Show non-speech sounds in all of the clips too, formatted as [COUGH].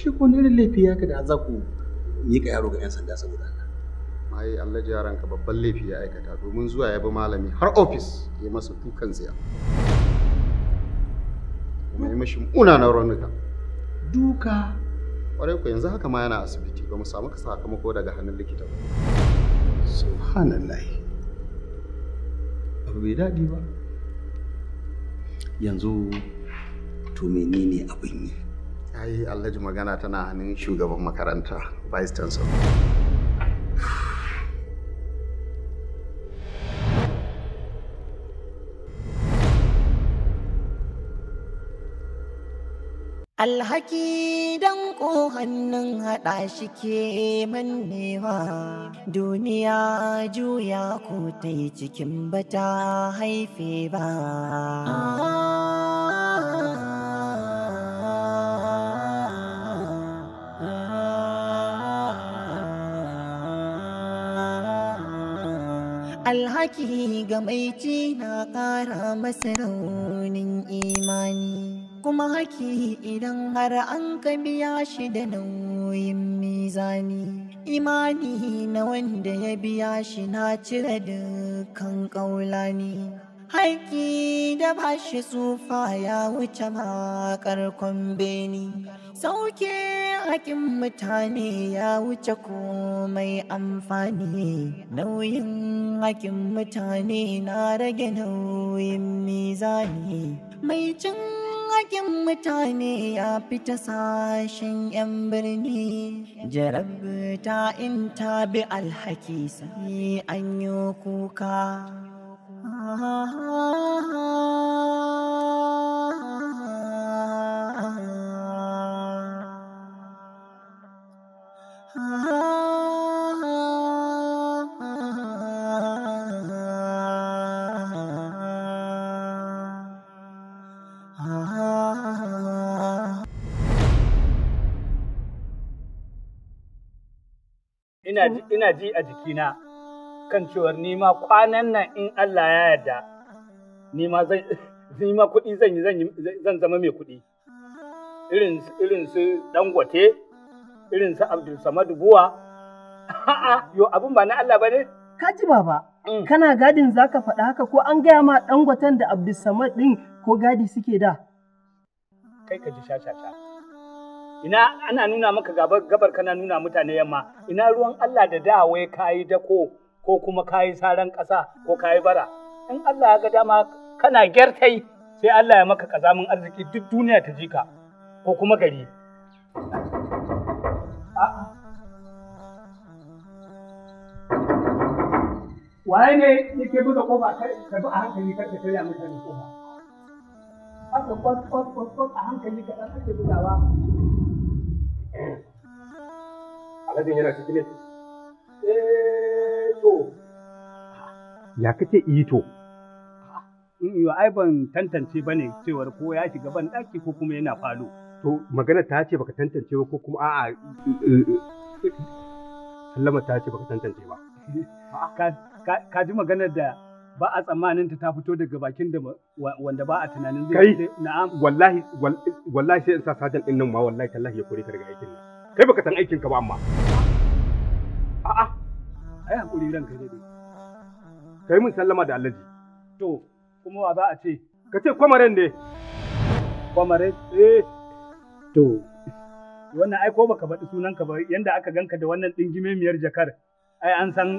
shi ko da laifi ya da za ku ka yaro ga 'yan sanda saboda haka ai Allah ji yaranka babban laifi ya aikata domin zuwa ya bi malami har ofis ya masa dukan tsiya kuma ya mashi na raunuka duka kwarai ku yanzu haka ma yana asibiti ba mu samu ka sakamako daga hannun likita ba subhanallah abu bai daɗi ba yanzu to menene abin yi ai alhaji magana tana hannun shugaban makaranta vice chancellor Alhaki dan ko hannun haɗa shi ke mannewa duniya juya ko ta yi cikin bata haife ba. alhaki ga mai na ƙara masa raunin imani kuma haki idan har an ka biya shi da nauyin mizani imani na wanda ya biya shi na cire dukkan ƙaulani Harki da bashi tsufa ya wuce makar beni sauke hakin mutane ya wuce komai amfani nauyin hakin mutane na rage nauyin mizani mai cin hakin mutane ya fita sashen 'yan birni jarabta in ta bi alhaki sai an yi kuka ina ji a jikina kan cewar nima kwanan nan in Allah ya yarda nima zan nima kuɗi zan yi zan zama mai kuɗi irin irin su Dangote irin su Abdul Samad Buwa a'a yo abun ba na Allah bane ka ji baba mm. kana gadin zaka faɗa haka ko an gaya ma Dangoten da Abdul Samad din ko gadi suke da kai ka ji shashasha ina ana nuna maka gabar gabar kana nuna mutane yamma ina ruwan Allah da da wai kayi dako ko kuma ka yi saran ƙasa ko ka yi bara in Allah ya ga dama kana gyartai sai Allah ya maka kazamin arziki duk duniya ta ji ka ko kuma gari waye ne yake buga kofa ka bi a hankali kar ka shirya mutane kofa haka kwas kwas kwas kwas a hankali kaɗan ake bugawa alhajin yana cikin ne eh, To, ya kace ito? Mm, yo, ai ban tantance ba ne cewar ko ya shiga ban daki ko kuma yana falo. To, magana ta ce baka tantance ba ko kuma a eh, eh, Sallama ta ce baka tantance ba. Ka ji maganar da ba a tsammanin ta ta fito daga bakin da wanda ba a tunanin zai na'am wallahi wallahi sai in sa sajan din nan ma wallahi tallahi ya kore ka daga aikin nan kai baka san aikin ka ba amma kai hakuri ran kai dai kai mun sallama da Alhaji to kuma wa za a ce ka ce kwamaren ne kwamaren eh to wannan ai ko baka faɗi sunan ka ba yanda aka ganka da wannan miyar jakar ai an san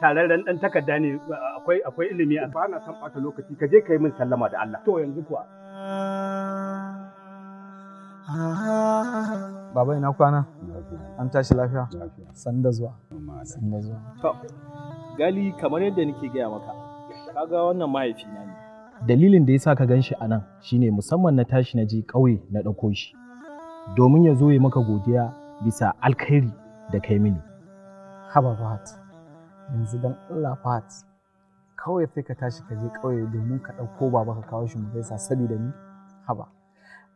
tararren dan takarda ne akwai akwai ilimi a ba na san ɓata lokaci ka je kai mun sallama da Allah to yanzu kuwa Baba ina kwana? An tashi lafiya? Sanda zuwa. Sanda zuwa. To, gali kamar yadda nake gaya maka, kaga wannan na ne. Dalilin da ya sa ka gan shi a nan shi ne musamman na tashi na je ƙauye na ɗauko shi. Domin ya zo ya maka godiya bisa alkhairi da kai mini. Haba Fahad, yanzu don Allah Fahad, kawai sai ka tashi ka je ƙauye domin ka ɗauko baba ka kawo shi mu gaisa sabida ni? Haba.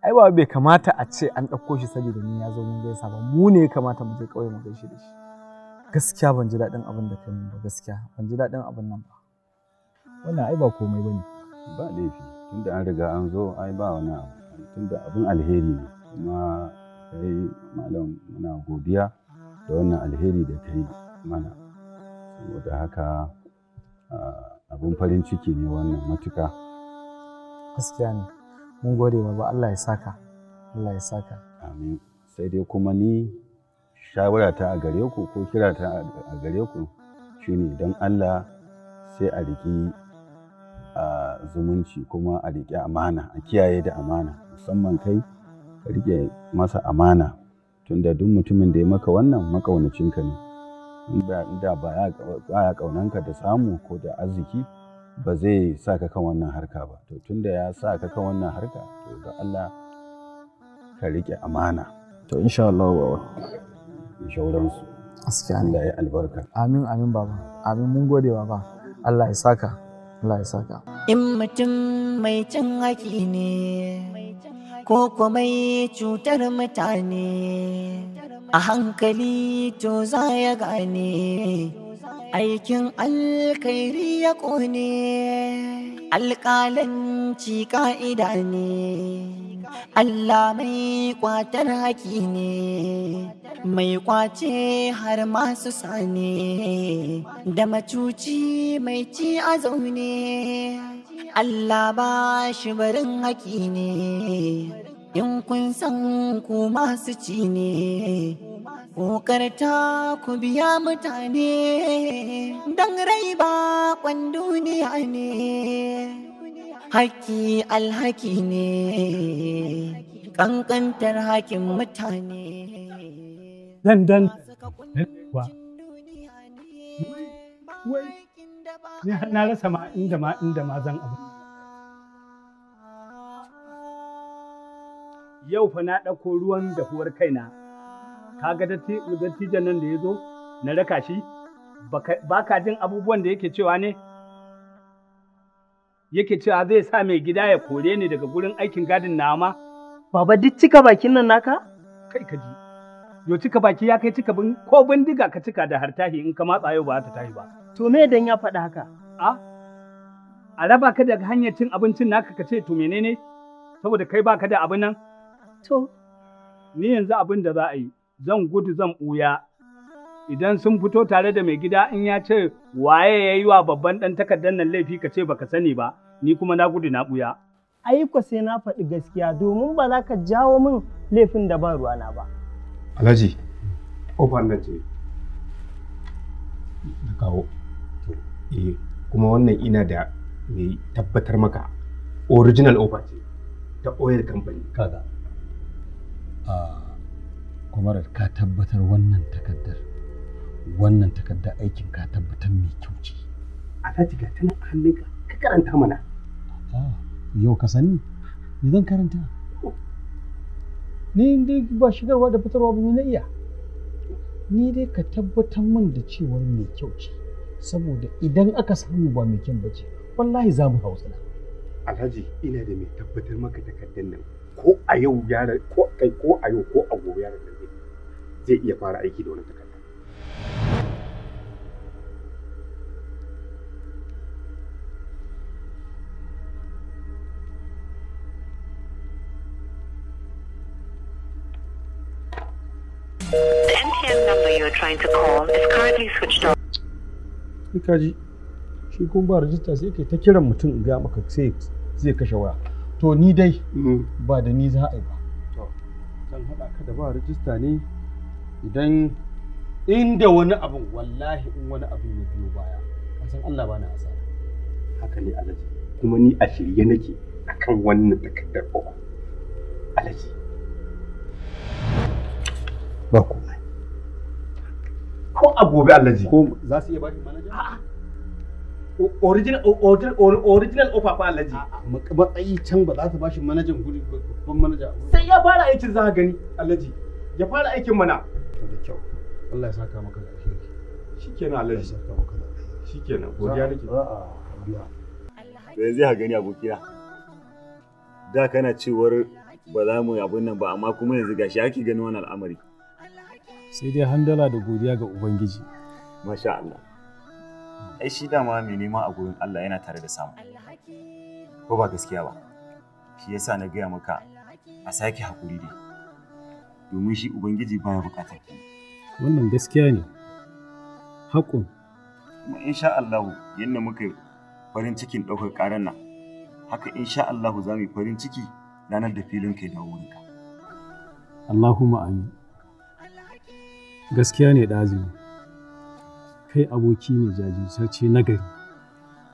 ai ba bai kamata a ce an ɗauko shi saboda ni ya zo mun gaisa ba mu ne ya kamata mu je ƙauye mu gaishe da shi gaskiya ban ji daɗin abin da kai ba gaskiya ban ji daɗin abin nan ba wannan ai ba komai bane ba laifi tunda an riga an zo ai ba wani abu tunda abin alheri ne kuma kai malam muna godiya da wannan alheri da kai mana saboda haka ah, abin farin ciki ne wannan matuka gaskiya ne mun gode baba Allah ya saka Allah ya saka amin sai dai kuma ni shawara ta a gare ku ko kira ta a gare ku shine don Allah sai a riki a zumunci kuma a riƙe amana a kiyaye da amana musamman kai ka riƙe masa amana tunda duk mutumin da ya maka wannan makaunacinka ne inda ba ya ƙaunanka da samu ko da arziki ba zai sa ka kan wannan harka ba to tunda ya sa ka kan wannan harka to ga Allah ka riƙe amana to insha Allah wa shauransu gaskiya Allah ya albarka amin amin baba amin mun gode baba Allah ya saka Allah ya saka in mutum mai cin haƙi ne ko kuma cutar mutane a hankali to za ya gane aikin alkairi ya ƙone alƙalanci ka'ida ne Allah mai ƙwatar haƙi ne mai ƙwace har masu sane da macuci mai ci a zaune Allah ba shi barin haƙi ne in kun san ku masu ci ne, kokarta ku biya mutane, don rai ba kwan duniya ne. Haki alhaki ne, ƙanƙantar hakin mutane. Dan dan, wai, na rasa ma inda ma inda ma zan abu. yau fa na ɗauko ruwan dahuwar kaina ga dattijan nan da ya zo na raka shi ba ka jin abubuwan da yake cewa ne yake cewa zai sa mai gida ya kore ni daga gurin aikin gadin nama baba duk cika bakin nan naka kai ka ji yo cika baki ya kai cika bin ko bindiga ka cika da hartahi in ka matsa yau ba ta tahi ba to me dan ya faɗa haka a a raba ka daga hanyar cin abincin naka ka ce to menene saboda kai baka da abin nan To. Ni yanzu abin da za a yi, zan gudu zan buya. Idan sun fito tare da mai gida in ya ce waye ya yi wa babban ɗan takardar nan laifi ka ce baka sani ba, ni kuma na gudu na ɓuya. ko sai na faɗi gaskiya domin ba za ka jawo min laifin da ba ruwana ba. Alhaji, ƙofar nan ce. Na kawo. Eh, kuma wannan ina da mai tabbatar maka original offer ce ta oil company. Kaza. kwamarar ka tabbatar wannan takaddar wannan takaddar aikin ka tabbatar mai kyau ce A alhaji ga tana a hannunka ka karanta mana yau ka sani me zan karanta ni dai ba shigarwa da fitarwa ba na iya ni dai ka tabbatar min da cewa mai kyau ce saboda idan aka samu ba mai kyau ba ce wallahi za mu hausa. alhaji ina da mai tabbatar maka takardar nan ko a yau yaran ko kai ko a yau ko a gobe yaran nan zai iya fara aiki da wannan takarda number you are trying to call is currently switched off. Kaji, shi kun ba rajista sai kai ta kiran mutum in ga maka sai zai kashe waya. to ni dai mm. ba da ni za a yi ba Dan haɗa ka da ba rijista ne idan inda wani abin wallahi in wani abin ya biyo baya san Allah ba na asara haka ne alaji kuma ni a shirye nake akan wannan takardar uku alaji ba komai ko a gobe alaji ko za su iya ba shi manaja original original offer fa alhaji matsayi can ba za ta bashi manajan guri babban manaja sai ya fara aikin za gani alhaji ya fara aikin mana da kyau Allah ya saka maka da alheri shikenan alhaji ya saka maka da alheri shikenan godiya nake a'a to yanzu ha gani abokina da kana cewar ba za mu yi abin nan ba amma kuma yanzu gashi ake gani wannan al'amari sai dai handala da godiya ga ubangiji masha Allah ai shi dama mai nema a gurin Allah yana tare da samu ko ba gaskiya ba shi yasa na gaya maka a sake hakuri dai domin shi ubangiji baya bukatar ki wannan gaskiya ne haƙun kuma insha Allah yanda muka farin cikin ɗaukar ƙarar nan haka insha Allah za mu yi farin ciki ranar da filin kai dawo wurinka Allahumma amin gaskiya ne ɗazu. kai aboki ne jajirtacce na gari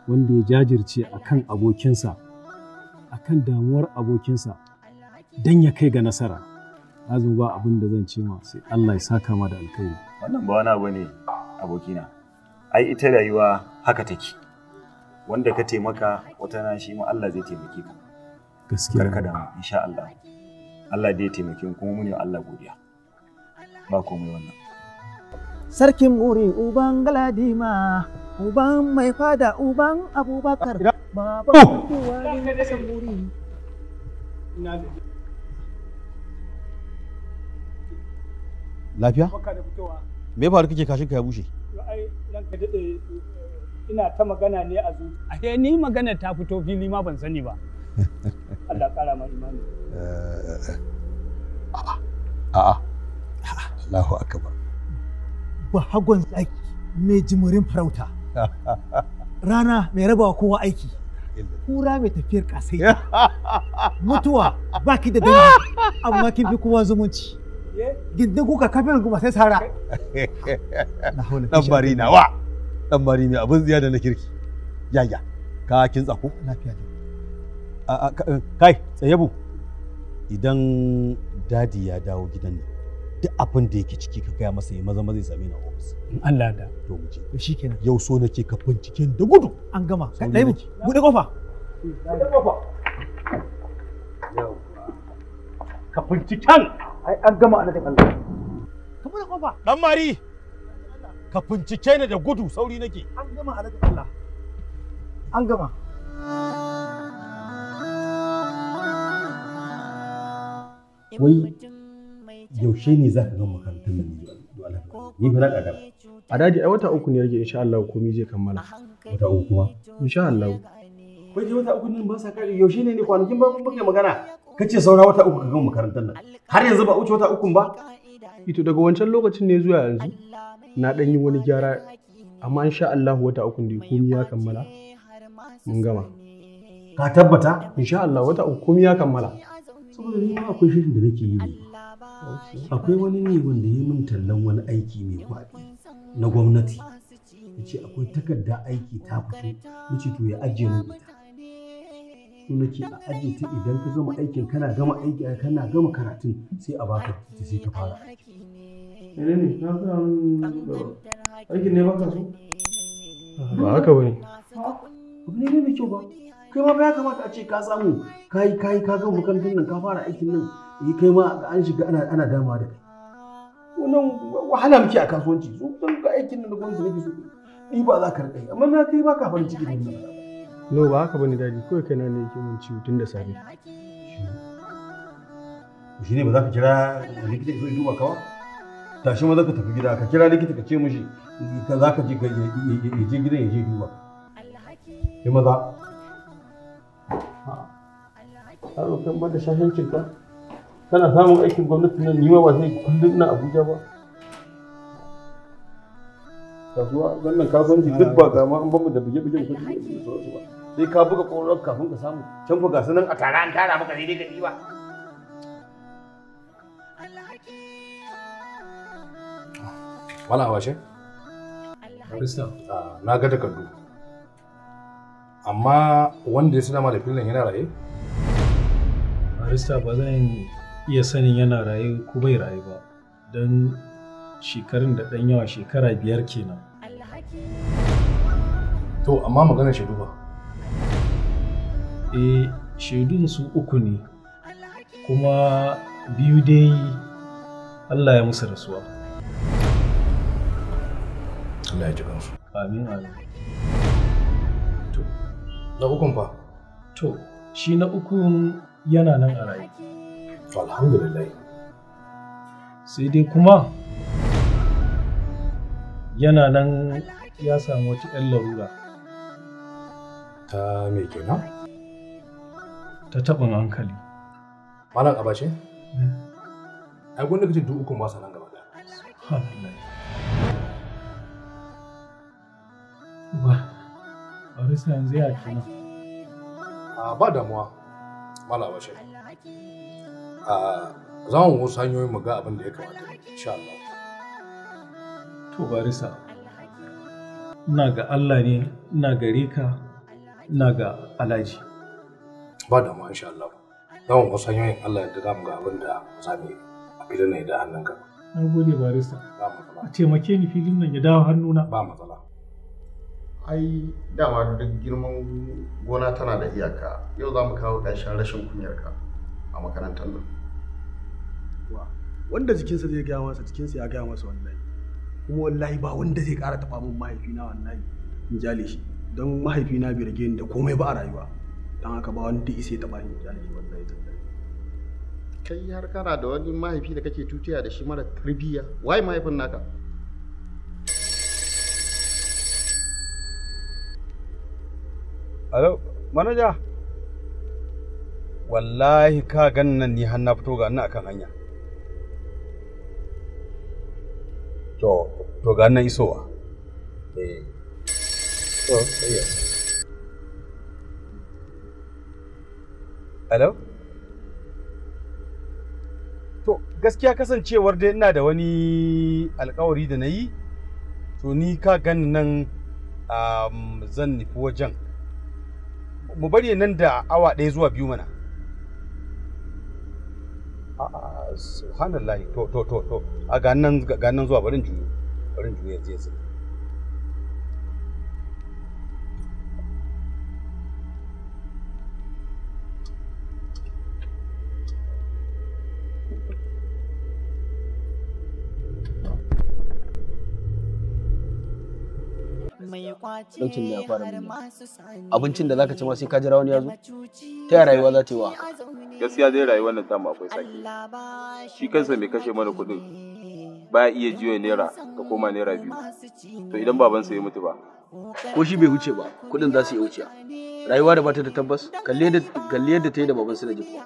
wanda ya jajirce a kan abokinsa a kan damuwar abokinsa don ya kai ga nasara azu ba abin da zan ce ma sai Allah ya saka ma da alkhairi wannan ba wani abu ne abokina ai ita rayuwa haka take wanda ka taimaka wata na shi ma Allah zai taimake ka gaskiya ka da insha Allah Allah dai ya taimake kuma mu ne Allah godiya ba komai wannan sarkin muri uban galadima uban mai fada uban abubakar oh! lafiya me ya faru kake kashin ya eh, ina ta magana ne a zuciya ni magana ta fito fili ma ban sani ba [LAUGHS] Allah kara ma imani eh, eh, a'a a'a Allahu akbar hagon tsaki mai jimurin farauta [LAUGHS] rana mai wa kowa aiki kura mai tafiyar kasai [LAUGHS] mutuwa baki da dangi amma kin fi kowa zumunci gindin kuka kafin kuma sai sara dan bari na wa dan bari mai abin ziya da na kirki yaya ka kin tsako lafiya ne eh, kai tsayabu idan dadi ya dawo gidan nan duk abin da yake ciki ka gaya masa ya maza maza ya same ni ofis in Allah da to mu je Shi kenan. yau so nake ka bincike da gudu an gama ka dai mu bude kofa bude kofa ka binciken ai an gama da Allah ka bude kofa dan mari ka bincike ni da gudu sauri nake an gama da Allah an gama wai yaushe ne za ka ga makarantar nan ni fa na kaga a daji ai wata uku ne rage insha Allah komai zai kammala wata uku kuma insha Allah kai je wata uku ne ba sa kare yaushe ne ne kwanakin ba kun magana kace saura wata uku ka ga makarantar nan har yanzu ba wuce wata uku ba ito daga wancan lokacin ne zuwa yanzu na dan yi wani gyara amma insha Allah wata uku ne komai ya kammala mun gama ka tabbata insha Allah wata uku komai ya kammala saboda ni ma akwai shirin da nake yi akwai wani ne wanda ya min tallan wani aiki mai kwaɗi na gwamnati ya ce akwai takarda aiki ta fito ya ce to ya ajiye min ita su nake a ajiye ta idan ka gama aikin kana gama aiki kana gama karatun sai a baka ta sai ka fara aiki ne ne ga aikin ne baka so ba haka bane ne ne mai kyau ba kai ma ba ya kamata a ce ka samu kai kai ka gama makarantar nan ka fara aikin nan yi kai ma an shiga ana dama da kai wannan wahala muke a kasuwanci so don ka aikin da gwamnati nake so ni ba za ka rika yi amma na kai ba ka farin ciki da ni no ba haka bane daji kawai kai na ne yake mun ciwo tun da safe shi ne ba za ka kira likita ya duba ka ba tashi ma za ka tafi gida ka kira likita ka ce mishi ka za ka je gidan ya je duba ya maza a kan ba da shashancin ka kana samun aikin gwamnati nan nima ba sai kullum na abuja ba kasuwa wannan kasuwanci duk ba ga ma an bamu da bige bige kuɗi sai ka buga koron kafin ka samu can fa ga sanan a tara an tara maka daidai ka ba wala washe? Krista ah, na ga takardu amma wanda ya sinama da filin yana raye Krista ba zan iya sanin yana raye ko bai raye ba don shekarun da ɗan yawa shekara biyar kenan to amma magana shaidu ba eh shaidun su uku ne kuma biyu dai Allah ya musu rasuwa Allah ya ji kansu amin amin to na ukun fa to shi na ukun yana nan a raye to alhamdulillah sai dai kuma yana nan ya samu wata 'yan larura ta me kenan ta taɓin hankali malam abace hmm. ai gwanda kace duk ukun ba sa nan gaba da ba a risa yanzu ya kenan ba damuwa malam abace za mu wasu hanyoyin mu ga abin da ya kamata insha Allah to barisa ina ga Allah ne ina gare ka ina ga Alhaji ba da mu insha Allah za mu wasu hanyoyin Allah ya ga mu ga abin da za mu yi a filin nan da hannun ka na gode barisa. ba matsala a taimake ni filin nan ya dawo hannuna ba matsala ai dama duk girman gona tana da iyaka yau za mu kawo ƙarshen rashin kunyarka a makarantar nan kuwa wanda jikinsa zai gaya masa jikinsa ya gaya masa wallahi kuma wallahi ba wanda zai kara taɓa min mahaifina wallahi in jale shi don mahaifina bai rage da komai ba a rayuwa don haka ba wanda isa ya taɓa ni in jale shi wallahi kai har kana da wani mahaifi da kake tutiya da shi mara tarbiyya wai mahaifin naka Alo, manaja? Wallahi ka gan nan ni har na fito ga ni akan hanya. to to ga nan isowa eh to eh, yes hello to gaskiya kasancewar dai ina da wani alkawari da na yi to ni ka gani nan zan nufi wajen mu bari nan da awa ɗaya zuwa biyu mana subhanallah to to to to a ganin zuwa barin juyo barin juyo ya je Daukin da ya fara nuna abincin da zaka ci ma sai ka jira wani ya zo ta yaya rayuwa za ta yi wa gaskiya dai rayuwar nan tamu akwai saki shi kansa mai kashe mana kuɗin ya iya jiyo naira ka koma naira biyu to idan babansa ya mutu ba ko shi bai huce ba kuɗin za su iya wuciya rayuwa da bata da tabbas kalli yadda ta yi da babansu da jikuwa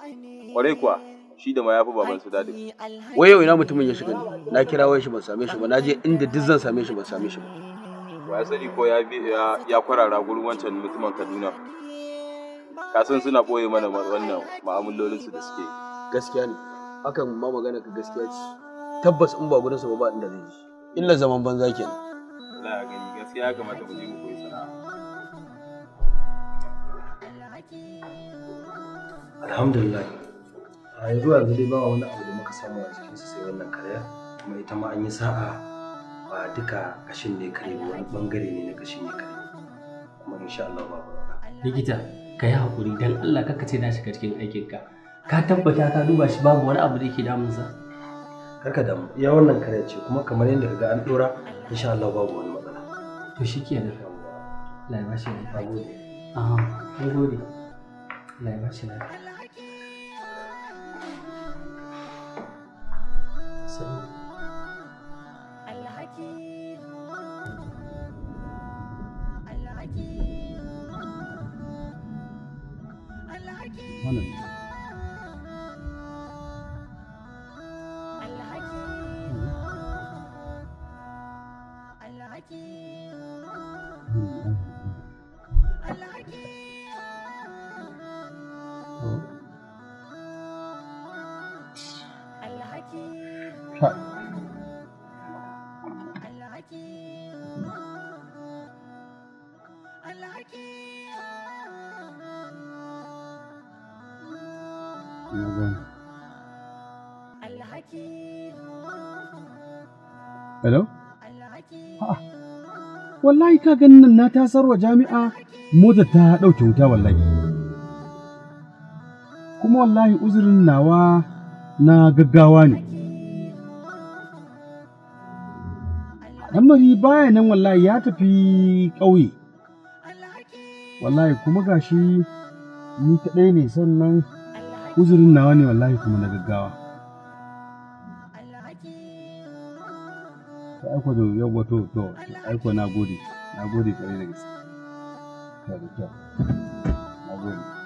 kwarai kuwa shi da ma fi baban su dadi. wai yau ina mutumin ya shiga ne na kira wai shi ban same shi ba na je inda duk zan same shi ban same shi ba ba ya sani ko ya kwarara gurin wancan mutumin kaduna kasan suna ɓoye mana wannan ma'amalolinsu da suke gaskiya ne hakan ma magana ka gaskiya ce tabbas in ba gudun su ba inda zai illa zaman banza ke Allah ya gani gaskiya ya kamata ku je ku koyi sana'a alhamdulillah a yanzu yanzu dai ba wani abu da muka samu a jikinsu sai wannan karya kuma ita ma an yi sa'a ba duka kashin ne kare ba wani bangare ne na kashin ne kare kuma insha Allah ba likita ka yi hakuri dan Allah kaka ce na shiga cikin aikin ka ka tabbata ka duba shi babu wani abu da yake damunsa ka damu ya wannan kare ce kuma kamar yadda kaga an dora insha Allah babu wani matsala to shikenan Allah ya bashi lafiya gode aha gode Allah ya bashi lafiya Thank you. Hello? Wallahi ka ganin nan na tasar wa jami'a mota ta ɗauke wuta wallahi. Kuma wallahi uzurin nawa na gaggawa ne. mari baya nan wallahi ya tafi ƙauye. Wallahi kuma gashi ni kaɗai ne sannan uzurin nawa ne wallahi kuma na gaggawa. Ta aiko da yau wato to aiko na gode, na gode kare da gaske. Na gode.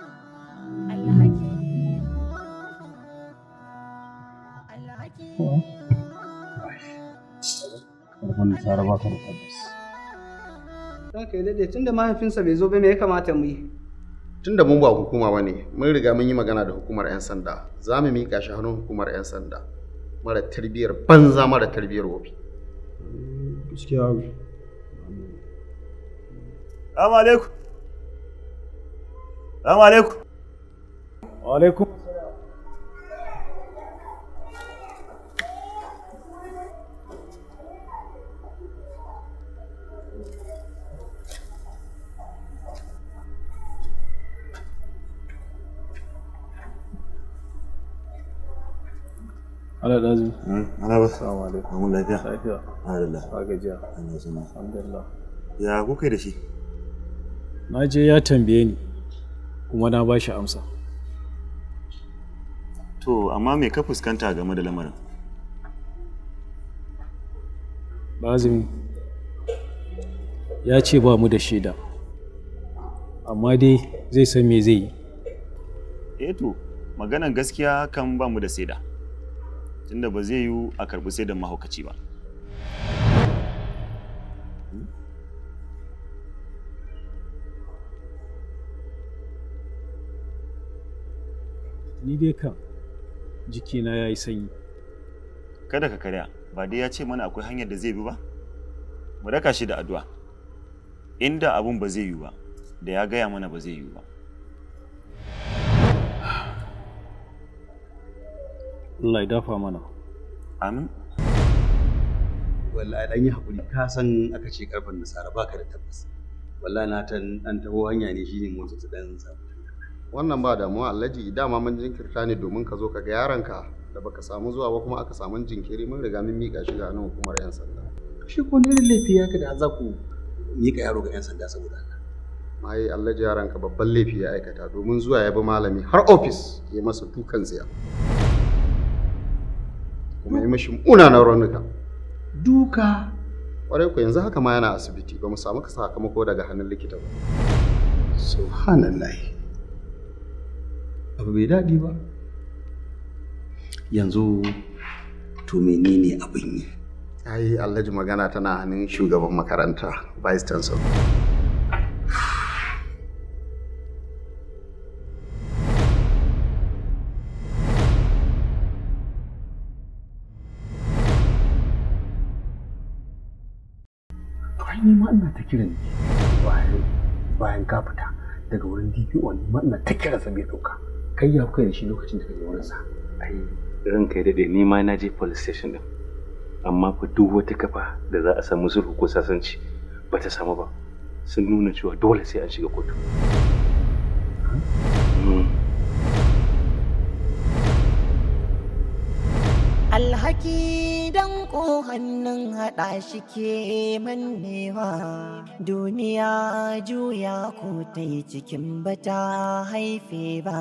wannan tsara ba ka da tabbas. Don ka yi daɗe tunda mahaifinsa bai zo ba me ya kamata mu yi? Tunda mun ba hukuma ba ne, mun riga mun yi magana da hukumar 'yan sanda, za mu miƙa shi hannun hukumar 'yan sanda. Mara tarbiyyar banza mara tarbiyyar wofi. Gaskiya Salamu alaikum. Salamu alaikum. Wa alaikum. Ala hmm, Ya kuka da shi? Na je ya tambaye ni kuma na ba shi amsa. To amma me ka fuskanta ya ce ba mu da shaida, amma dai zai san me zai yi. Eto, eh to, maganan gaskiya kan ba mu da shaida. tunda ba zai yiwu a karɓi sai da mahaukaci ba ni dai jikina ya yi sanyi kada ka karya ba dai ya ce mana akwai hanyar da zai bi ba mu raka shi da addu'a inda abun ba zai yiwu ba da ya gaya mana ba zai yiwu ba Allah ya dafa mana amin wallahi dan yi hakuri ka san aka ce karfin nasara baka da tabbas wallahi na tan dan taho hanya ne shine motsa ta dan sa. wannan ba damuwa alhaji dama mun jinkirta ne domin ka zo ka ga yaranka da baka samu zuwa ba kuma aka samu jinkiri mun riga mun mika shi ga nan hukumar yan sanda shi ko ne laifi ya ka da za ku mika yaro ga yan sanda saboda haka mai ji, yaranka babban laifi ya aikata domin zuwa ya bi malami har ofis ya masa tukan tsiya kuma yi mashi munanan raunuka duka ƙwarai ku yanzu haka ma yana asibiti ba mu samu sakamako daga hannun likita ba subhanallahi abu bai daɗi ba yanzu to menene abin yi ai alhaji magana tana hannun shugaban makaranta vice chancellor ni ma ina ta kira ne bayan bayan ka fita daga wurin DPO ni ma ina ta kira sa bai dauka kai ya kai da shi lokacin da kaje wurin sa ai ranka ya dade ni ma na je police station din amma fa duk wata kafa da za a samu musu ko sasanci ba ta samu ba sun nuna cewa dole sai an shiga kotu alhaki don ko hannun haɗa shi ke mannewa duniya juya ko ta yi cikin bata haife ba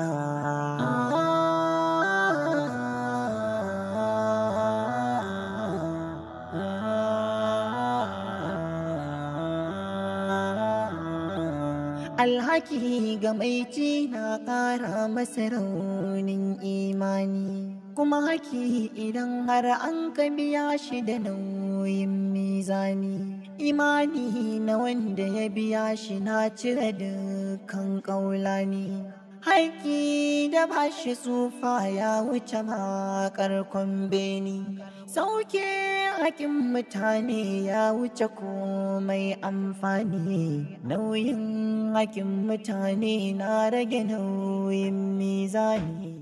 alhaki ga mai na ƙara masa raunin imani kuma haki idan har an ka biya shi da nauyin mizani imani na wanda ya biya shi na cire dukkan ƙaulani Haki da ba shi tsufa ya wuce makarkon beni sauke hakin mutane ya wuce komai amfani nauyin hakin mutane na rage nauyin mizani